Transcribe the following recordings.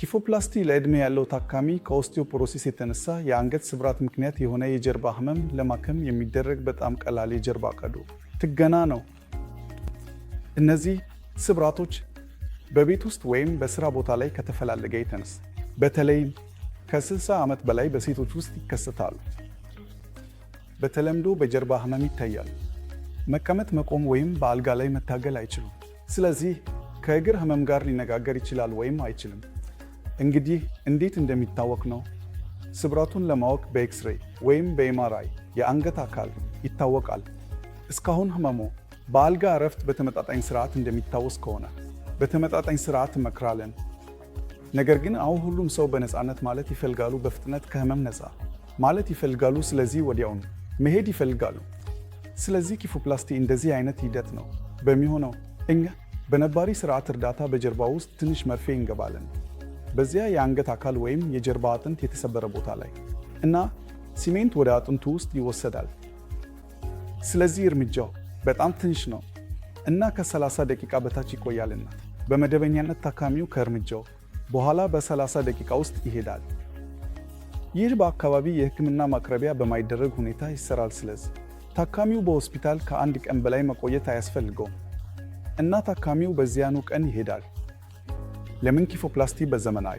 ኪፎፕላስቲ ለዕድሜ ያለው ታካሚ ከኦስቲዮፖሮሲስ የተነሳ የአንገት ስብራት ምክንያት የሆነ የጀርባ ህመም ለማከም የሚደረግ በጣም ቀላል የጀርባ ቀዶ ጥገና ነው። እነዚህ ስብራቶች በቤት ውስጥ ወይም በስራ ቦታ ላይ ከተፈላለገ የተነሳ በተለይም ከ60 ዓመት በላይ በሴቶች ውስጥ ይከሰታሉ። በተለምዶ በጀርባ ህመም ይታያል። መቀመጥ፣ መቆም ወይም በአልጋ ላይ መታገል አይችሉም። ስለዚህ ከእግር ህመም ጋር ሊነጋገር ይችላል ወይም አይችልም። እንግዲህ እንዴት እንደሚታወቅ ነው። ስብራቱን ለማወቅ በኤክስሬይ ወይም በኤምአርአይ የአንገት አካል ይታወቃል። እስካሁን ህመሙ በአልጋ እረፍት በተመጣጣኝ ስርዓት እንደሚታወስ ከሆነ በተመጣጣኝ ስርዓት እመክራለን። ነገር ግን አሁን ሁሉም ሰው በነፃነት ማለት ይፈልጋሉ፣ በፍጥነት ከህመም ነፃ ማለት ይፈልጋሉ። ስለዚህ ወዲያውኑ መሄድ ይፈልጋሉ። ስለዚህ ኪፎፕላስቲ እንደዚህ አይነት ሂደት ነው በሚሆነው እኛ በነባሪ ስርዓት እርዳታ በጀርባ ውስጥ ትንሽ መርፌ እንገባለን። በዚያ የአንገት አካል ወይም የጀርባ አጥንት የተሰበረ ቦታ ላይ እና ሲሜንት ወደ አጥንቱ ውስጥ ይወሰዳል። ስለዚህ እርምጃው በጣም ትንሽ ነው እና ከ30 ደቂቃ በታች ይቆያልና በመደበኛነት ታካሚው ከእርምጃው በኋላ በ30 ደቂቃ ውስጥ ይሄዳል። ይህ በአካባቢ የሕክምና ማቅረቢያ በማይደረግ ሁኔታ ይሰራል። ስለዚህ ታካሚው በሆስፒታል ከአንድ ቀን በላይ መቆየት አያስፈልገውም እና ታካሚው በዚያኑ ቀን ይሄዳል። ለምን ኪፎፕላስቲ በዘመናዊ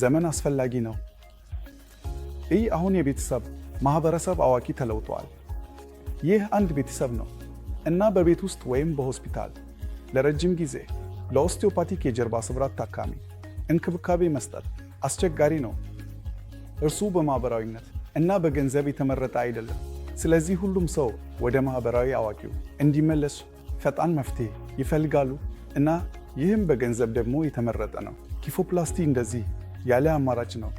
ዘመን አስፈላጊ ነው? ይህ አሁን የቤተሰብ ማህበረሰብ አዋቂ ተለውጠዋል። ይህ አንድ ቤተሰብ ነው እና በቤት ውስጥ ወይም በሆስፒታል ለረጅም ጊዜ ለኦስቲዮፓቲክ የጀርባ ስብራት ታካሚ እንክብካቤ መስጠት አስቸጋሪ ነው። እርሱ በማህበራዊነት እና በገንዘብ የተመረጠ አይደለም። ስለዚህ ሁሉም ሰው ወደ ማህበራዊ አዋቂው እንዲመለሱ ፈጣን መፍትሄ ይፈልጋሉ እና ይህም በገንዘብ ደግሞ የተመረጠ ነው። ኪፎፕላስቲ እንደዚህ ያለ አማራጭ ነው።